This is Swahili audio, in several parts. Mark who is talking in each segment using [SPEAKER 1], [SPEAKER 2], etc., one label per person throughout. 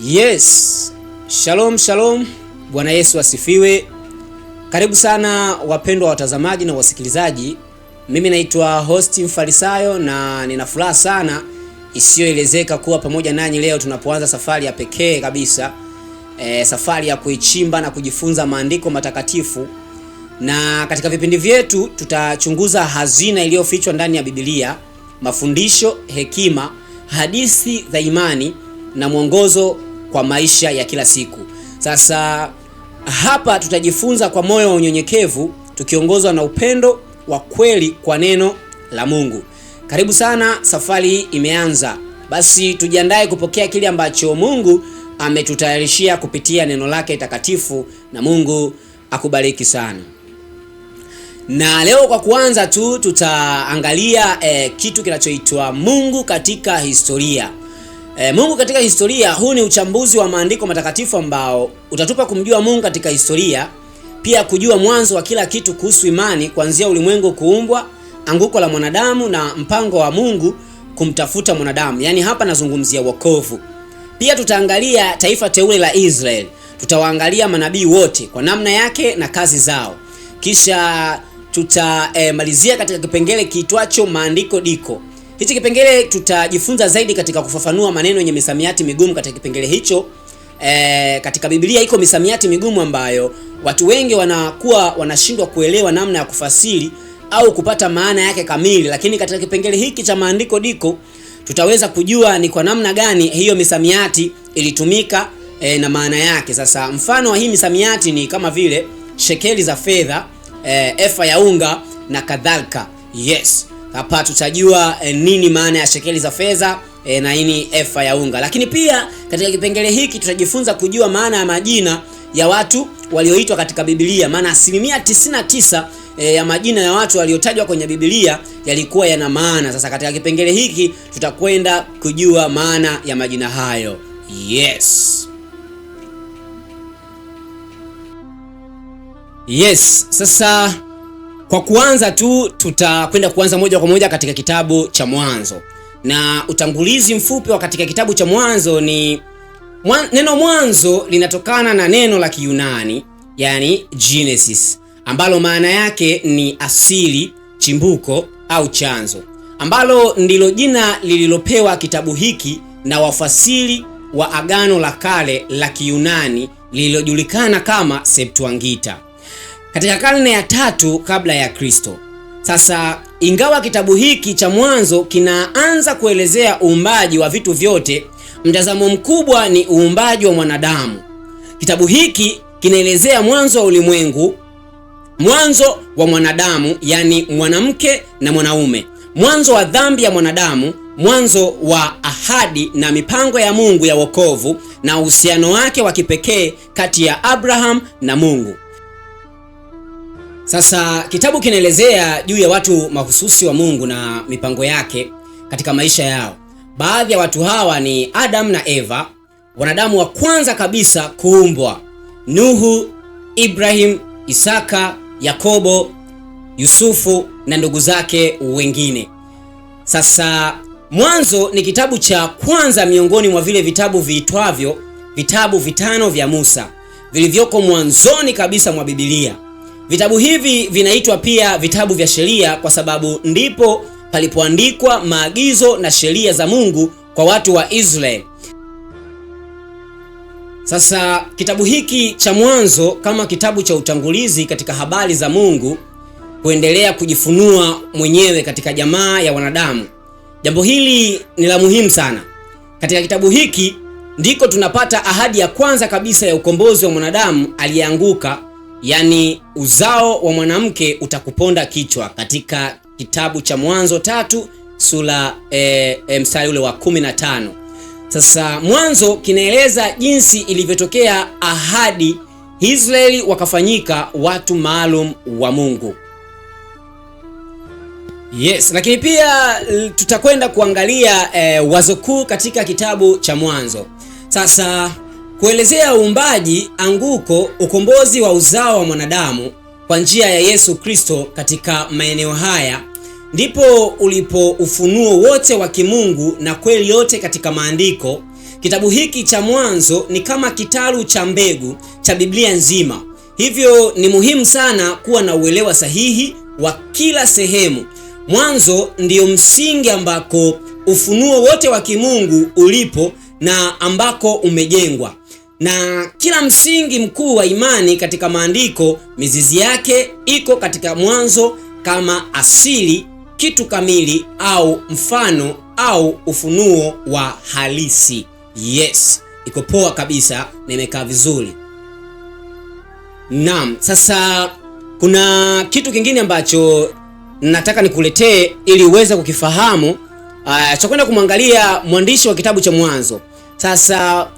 [SPEAKER 1] Yes, shalom shalom, Bwana Yesu asifiwe. Karibu sana wapendwa watazamaji na wasikilizaji, mimi naitwa host Mfarisayo na nina furaha sana isiyoelezeka kuwa pamoja nanyi leo tunapoanza safari ya pekee kabisa e, safari ya kuichimba na kujifunza maandiko matakatifu, na katika vipindi vyetu tutachunguza hazina iliyofichwa ndani ya Biblia, mafundisho, hekima, hadithi za imani na mwongozo kwa maisha ya kila siku. Sasa hapa tutajifunza kwa moyo wa unyenyekevu tukiongozwa na upendo wa kweli kwa neno la Mungu. Karibu sana, safari hii imeanza. Basi tujiandae kupokea kile ambacho Mungu ametutayarishia kupitia neno lake takatifu, na Mungu akubariki sana. Na leo kwa kuanza tu tutaangalia eh, kitu kinachoitwa Mungu katika historia. E, Mungu katika historia. Huu ni uchambuzi wa maandiko matakatifu ambao utatupa kumjua Mungu katika historia, pia kujua mwanzo wa kila kitu kuhusu imani, kuanzia ulimwengu kuumbwa, anguko la mwanadamu na mpango wa Mungu kumtafuta mwanadamu. Yaani hapa nazungumzia wokovu. Pia tutaangalia taifa teule la Israeli. Tutawaangalia manabii wote kwa namna yake na kazi zao. Kisha tutamalizia eh, e, katika kipengele kiitwacho maandiko diko. Hichi kipengele tutajifunza zaidi katika kufafanua maneno yenye misamiati migumu katika kipengele hicho. E, katika Biblia iko misamiati migumu ambayo watu wengi wanakuwa wanashindwa kuelewa namna ya kufasiri au kupata maana yake kamili, lakini katika kipengele hiki cha maandiko diko tutaweza kujua ni kwa namna gani hiyo misamiati ilitumika e, na maana yake. Sasa mfano wa hii misamiati ni kama vile shekeli za fedha, e, efa ya unga na kadhalika. Yes hapa tutajua e, nini maana ya shekeli za fedha e, na nini efa ya unga. Lakini pia katika kipengele hiki tutajifunza kujua maana ya majina ya watu walioitwa katika Biblia, maana asilimia 99 e, eh, ya majina ya watu waliotajwa kwenye Biblia yalikuwa yana maana. Sasa katika kipengele hiki tutakwenda kujua maana ya majina hayo. Yes. Yes, sasa kwa kuanza tu tutakwenda kuanza moja kwa moja katika kitabu cha Mwanzo, na utangulizi mfupi wa katika kitabu cha Mwanzo ni mwa, neno mwanzo linatokana na neno la Kiyunani yani Genesis, ambalo maana yake ni asili, chimbuko au chanzo, ambalo ndilo jina lililopewa kitabu hiki na wafasiri wa Agano la Kale la Kiyunani lililojulikana kama Septuaginta katika karne ya tatu kabla ya Kristo. Sasa ingawa kitabu hiki cha Mwanzo kinaanza kuelezea uumbaji wa vitu vyote, mtazamo mkubwa ni uumbaji wa mwanadamu. Kitabu hiki kinaelezea mwanzo wa ulimwengu, mwanzo wa mwanadamu, yani mwanamke na mwanaume, mwanzo wa dhambi ya mwanadamu, mwanzo wa ahadi na mipango ya Mungu ya wokovu na uhusiano wake wa kipekee kati ya Abraham na Mungu. Sasa kitabu kinaelezea juu ya watu mahususi wa Mungu na mipango yake katika maisha yao. Baadhi ya watu hawa ni Adam na Eva, wanadamu wa kwanza kabisa kuumbwa, Nuhu, Ibrahim, Isaka, Yakobo, Yusufu na ndugu zake wengine. Sasa Mwanzo ni kitabu cha kwanza miongoni mwa vile vitabu viitwavyo vitabu vitano vya Musa vilivyoko mwanzoni kabisa mwa Biblia. Vitabu hivi vinaitwa pia vitabu vya sheria kwa sababu ndipo palipoandikwa maagizo na sheria za Mungu kwa watu wa Israeli. Sasa kitabu hiki cha Mwanzo kama kitabu cha utangulizi katika habari za Mungu kuendelea kujifunua mwenyewe katika jamaa ya wanadamu. Jambo hili ni la muhimu sana. Katika kitabu hiki ndiko tunapata ahadi ya kwanza kabisa ya ukombozi wa mwanadamu aliyeanguka yaani uzao wa mwanamke utakuponda kichwa, katika kitabu cha Mwanzo tatu sura e, e, mstari ule wa kumi na tano. Sasa Mwanzo kinaeleza jinsi ilivyotokea ahadi, Israeli wakafanyika watu maalum wa Mungu. Yes, lakini pia tutakwenda kuangalia e, wazo kuu katika kitabu cha Mwanzo. Sasa kuelezea uumbaji, anguko, ukombozi wa uzao wa mwanadamu kwa njia ya Yesu Kristo katika maeneo haya ndipo ulipo ufunuo wote wa kimungu na kweli yote katika maandiko. Kitabu hiki cha Mwanzo ni kama kitalu cha mbegu cha Biblia nzima, hivyo ni muhimu sana kuwa na uelewa sahihi wa kila sehemu. Mwanzo ndiyo msingi ambako ufunuo wote wa kimungu ulipo na ambako umejengwa na kila msingi mkuu wa imani katika maandiko, mizizi yake iko katika mwanzo kama asili, kitu kamili au mfano au ufunuo wa halisi. Yes, iko poa kabisa, nimekaa vizuri. Naam, sasa kuna kitu kingine ambacho nataka nikuletee ili uweze kukifahamu. Uh, kwenda kumwangalia mwandishi wa kitabu cha Mwanzo. Sasa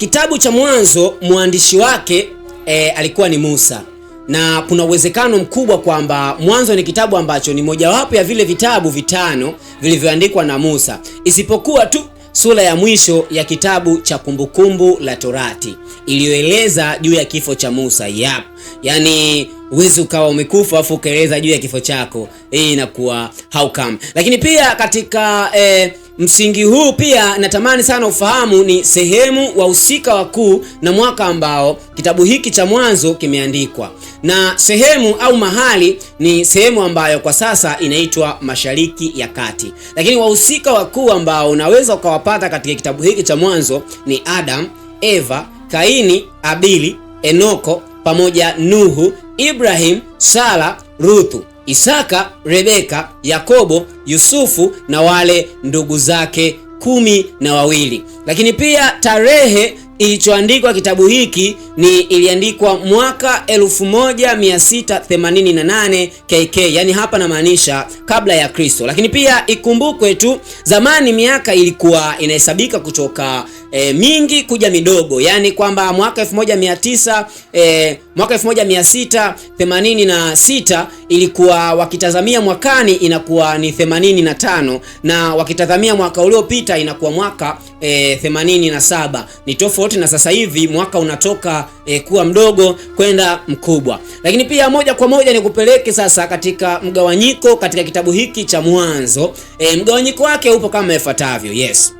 [SPEAKER 1] Kitabu cha Mwanzo mwandishi wake e, alikuwa ni Musa, na kuna uwezekano mkubwa kwamba Mwanzo ni kitabu ambacho ni mojawapo ya vile vitabu vitano vilivyoandikwa na Musa, isipokuwa tu sura ya mwisho ya kitabu cha Kumbukumbu la Torati iliyoeleza juu ya kifo cha Musa. Yap, yani huwezi ukawa umekufa afu ukaeleza juu ya kifo chako, hii inakuwa how come. Lakini pia katika eh, Msingi huu pia natamani sana ufahamu ni sehemu wahusika wakuu na mwaka ambao kitabu hiki cha Mwanzo kimeandikwa, na sehemu au mahali ni sehemu ambayo kwa sasa inaitwa Mashariki ya Kati, lakini wahusika wakuu ambao unaweza ukawapata katika kitabu hiki cha Mwanzo ni Adam, Eva, Kaini, Abili, Enoko pamoja Nuhu, Ibrahim, Sara, Ruthu. Isaka, Rebeka, Yakobo, Yusufu na wale ndugu zake kumi na wawili. Lakini pia tarehe ilichoandikwa kitabu hiki ni iliandikwa mwaka 1688 KK, yani hapa namaanisha kabla ya Kristo. Lakini pia ikumbukwe tu, zamani miaka ilikuwa inahesabika kutoka e, mingi kuja midogo, yaani kwamba mwaka 1900 e, eh, mwaka 1686 ilikuwa wakitazamia mwakani inakuwa ni 85 na wakitazamia mwaka uliopita inakuwa mwaka e, eh, 87. Ni tofauti na sasa hivi mwaka unatoka e, kuwa mdogo kwenda mkubwa. Lakini pia moja kwa moja ni kupeleke sasa katika mgawanyiko katika kitabu hiki cha Mwanzo. E, mgawanyiko wake upo kama ifuatavyo. Yes.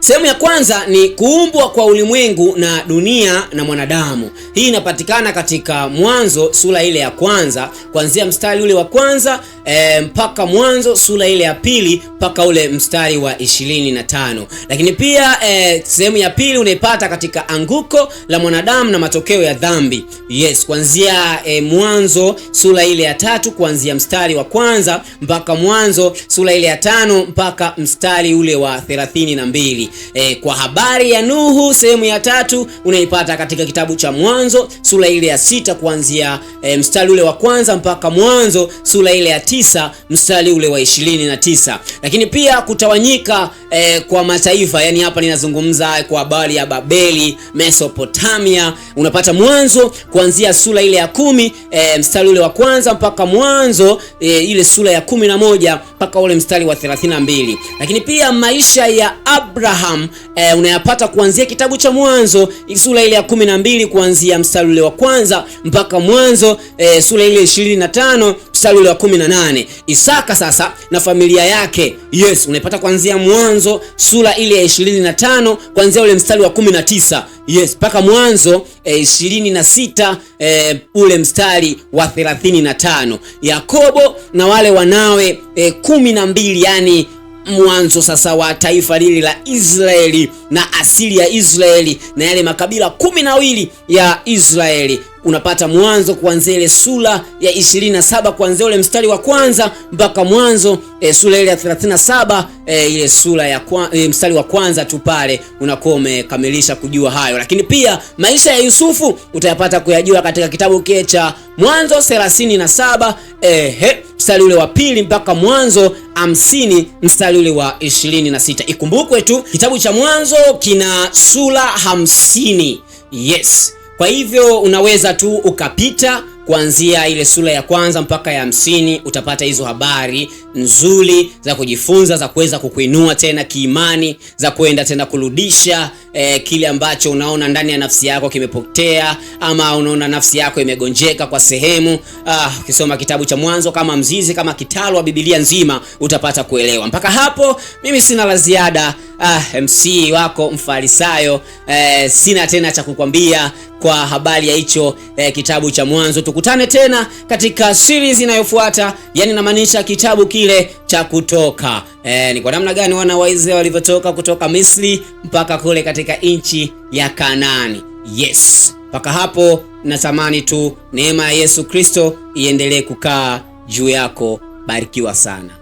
[SPEAKER 1] Sehemu ya kwanza ni kuumbwa kwa ulimwengu na dunia na mwanadamu. Hii inapatikana katika Mwanzo sura ile ya kwanza kuanzia mstari ule wa kwanza e, mpaka Mwanzo sura ile ya pili mpaka ule mstari wa ishirini na tano. Lakini pia e, sehemu ya pili unaipata katika anguko la mwanadamu na matokeo ya dhambi. Yes, kuanzia e, Mwanzo sura ile ya tatu kuanzia mstari wa kwanza mpaka Mwanzo sura ile ya tano mpaka mstari ule wa thelathini na mbili e, kwa habari ya Nuhu sehemu ya tatu unaipata katika kitabu cha Mwanzo sura ile ya sita kuanzia e, mstari ule wa kwanza mpaka Mwanzo sura ile ya tisa mstari ule wa ishirini na tisa. Lakini pia kutawanyika e, kwa mataifa, yani hapa ninazungumza kwa habari ya Babeli, Mesopotamia, unapata Mwanzo kuanzia sura ile ya kumi e, mstari ule wa kwanza mpaka Mwanzo e, ile sura ya kumi na moja mpaka ule mstari wa 32. Lakini pia maisha ya Abraham Abraham e, unayapata kuanzia kitabu cha Mwanzo sura ile ya 12 kuanzia mstari ule wa kwanza mpaka Mwanzo e, sura ile ishirini na mstari ule wa 18. Isaka sasa na familia yake, yes, unaipata kuanzia Mwanzo sura ile ya 25 kuanzia ule mstari wa 19 yes mpaka Mwanzo e, ishirini na sita e, ule mstari wa thelathini na tano. Yakobo na wale wanawe e, kumi na mbili yani mwanzo sasa wa taifa lili la Israeli na asili ya Israeli na yale makabila kumi na wili ya Israeli unapata Mwanzo kuanzia ile sura ya 27 kuanzia ule mstari wa kwanza mpaka Mwanzo e, sura ile ya 37 e, eh, ile sura ya kwa, e, mstari wa kwanza tu pale unakuwa umekamilisha kujua hayo. Lakini pia maisha ya Yusufu utayapata kuyajua katika kitabu kile cha Mwanzo 37 ehe, mstari ule wa pili mpaka Mwanzo 50 mstari ule wa 26. Ikumbukwe tu kitabu cha Mwanzo kina sura 50. Yes. Kwa hivyo unaweza tu ukapita kuanzia ile sura ya kwanza mpaka ya hamsini utapata hizo habari nzuri za kujifunza za kuweza kukuinua tena kiimani, za kuenda tena kurudisha eh, kile ambacho unaona ndani ya nafsi yako kimepotea ama unaona nafsi yako imegonjeka kwa sehemu. Ah, ukisoma kitabu cha Mwanzo kama mzizi kama kitalu wa Biblia nzima utapata kuelewa. Mpaka hapo mimi sina la ziada. Ah, MC wako Mfarisayo, eh, sina tena cha kukwambia kwa habari ya hicho eh, kitabu cha Mwanzo. Tukutane tena katika series inayofuata, yani namaanisha kitabu ki kile cha kutoka. E, ni kwa namna gani wana wa Israeli walivyotoka kutoka Misri mpaka kule katika nchi ya Kanaani. Yes, mpaka hapo natamani tu neema ya Yesu Kristo iendelee kukaa juu yako. Barikiwa sana.